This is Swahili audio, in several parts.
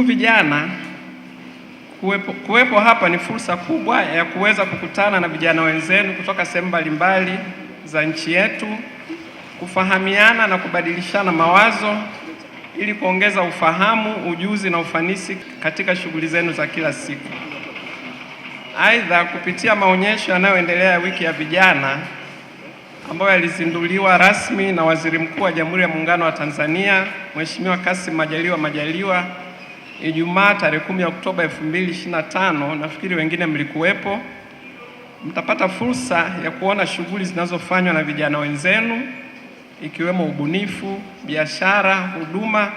Ndugu vijana, kuwepo, kuwepo hapa ni fursa kubwa ya kuweza kukutana na vijana wenzenu kutoka sehemu mbalimbali za nchi yetu, kufahamiana na kubadilishana mawazo ili kuongeza ufahamu, ujuzi na ufanisi katika shughuli zenu za kila siku. Aidha, kupitia maonyesho yanayoendelea ya wiki ya vijana ambayo yalizinduliwa rasmi na Waziri Mkuu wa Jamhuri ya Muungano wa Tanzania Mheshimiwa Kassim Majaliwa Majaliwa Ijumaa tarehe ya Oktoba 2025, nafikiri wengine mlikuwepo, mtapata fursa ya kuona shughuli zinazofanywa na vijana wenzenu ikiwemo ubunifu, biashara, huduma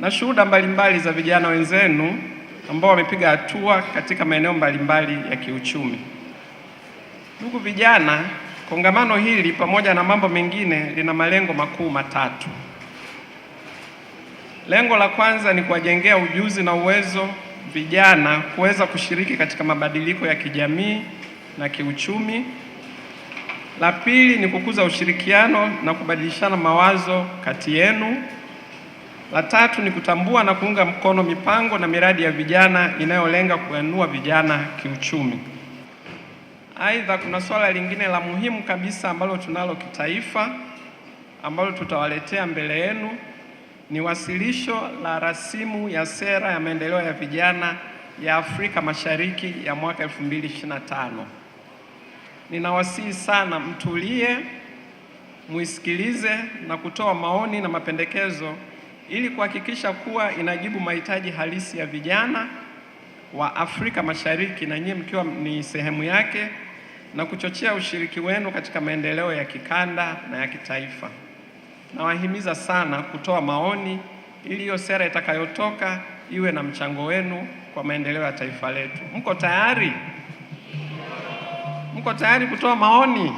na shuhuda mbalimbali za vijana wenzenu ambao wamepiga hatua katika maeneo mbalimbali ya kiuchumi. Ndugu vijana, kongamano hili pamoja na mambo mengine lina malengo makuu matatu. Lengo la kwanza ni kuwajengea ujuzi na uwezo vijana kuweza kushiriki katika mabadiliko ya kijamii na kiuchumi. La pili ni kukuza ushirikiano na kubadilishana mawazo kati yenu. La tatu ni kutambua na kuunga mkono mipango na miradi ya vijana inayolenga kuinua vijana kiuchumi. Aidha, kuna swala lingine la muhimu kabisa ambalo tunalo kitaifa ambalo tutawaletea mbele yenu ni wasilisho la rasimu ya sera ya maendeleo ya vijana ya Afrika Mashariki ya mwaka 2025. Ninawasihi sana mtulie, muisikilize na kutoa maoni na mapendekezo ili kuhakikisha kuwa inajibu mahitaji halisi ya vijana wa Afrika Mashariki na nyinyi mkiwa ni sehemu yake na kuchochea ushiriki wenu katika maendeleo ya kikanda na ya kitaifa. Nawahimiza sana kutoa maoni ili hiyo sera itakayotoka iwe na mchango wenu kwa maendeleo ya taifa letu. Mko tayari? Mko tayari kutoa maoni?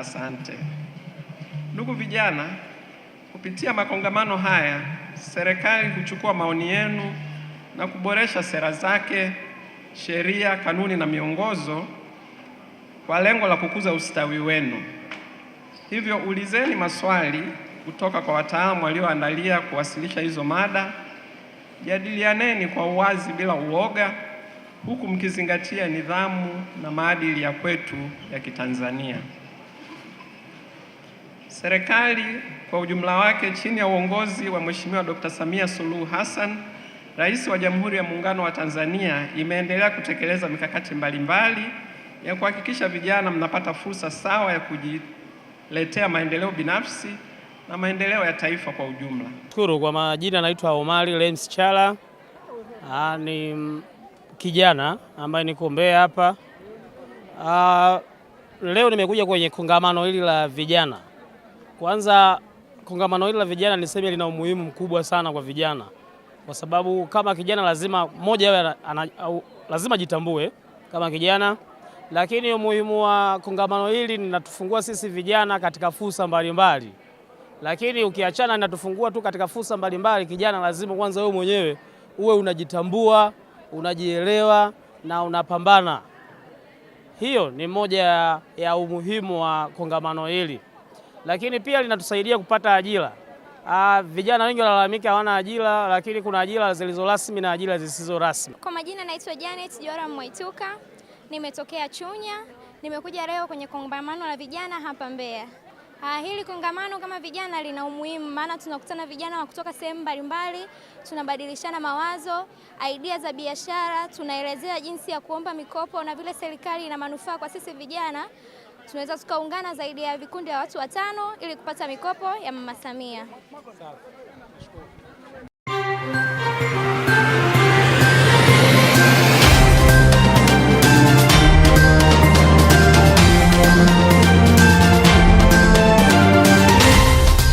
Asante. Ndugu vijana, kupitia makongamano haya serikali huchukua maoni yenu na kuboresha sera zake, sheria, kanuni na miongozo kwa lengo la kukuza ustawi wenu. Hivyo ulizeni maswali kutoka kwa wataalamu walioandalia kuwasilisha hizo mada, jadilianeni kwa uwazi bila uoga, huku mkizingatia nidhamu na maadili ya kwetu ya Kitanzania. Serikali kwa ujumla wake chini ya uongozi wa Mheshimiwa Dr. Samia Suluhu Hassan, Rais wa Jamhuri ya Muungano wa Tanzania, imeendelea kutekeleza mikakati mbalimbali mbali ya kuhakikisha vijana mnapata fursa sawa ya kuji kuletea maendeleo binafsi na maendeleo ya taifa kwa ujumla. Shukuru. Kwa majina anaitwa Omari Lems Chala. Ah, ni kijana ambaye niko Mbeya hapa. Ah, leo nimekuja kwenye kongamano hili la vijana. Kwanza kongamano hili la vijana niseme lina umuhimu mkubwa sana kwa vijana, kwa sababu kama kijana lazima mmoja lazima jitambue kama kijana lakini umuhimu wa kongamano hili linatufungua sisi vijana katika fursa mbalimbali, lakini ukiachana linatufungua tu katika fursa mbalimbali, kijana lazima kwanza wewe mwenyewe uwe unajitambua, unajielewa na unapambana. Hiyo ni moja ya umuhimu wa kongamano hili, lakini pia linatusaidia kupata ajira. Uh, vijana wengi wanalalamika hawana ajira, lakini kuna ajira zilizo rasmi na ajira zisizo rasmi. Kwa majina naitwa Janet Joram Mwaituka. Nimetokea Chunya, nimekuja leo kwenye kongamano la vijana hapa Mbeya. Ah, hili kongamano kama vijana lina umuhimu, maana tunakutana vijana wa kutoka sehemu mbalimbali, tunabadilishana mawazo, idea za biashara, tunaelezea jinsi ya kuomba mikopo na vile serikali ina manufaa kwa sisi vijana. Tunaweza tukaungana zaidi ya vikundi ya watu watano ili kupata mikopo ya Mama Samia.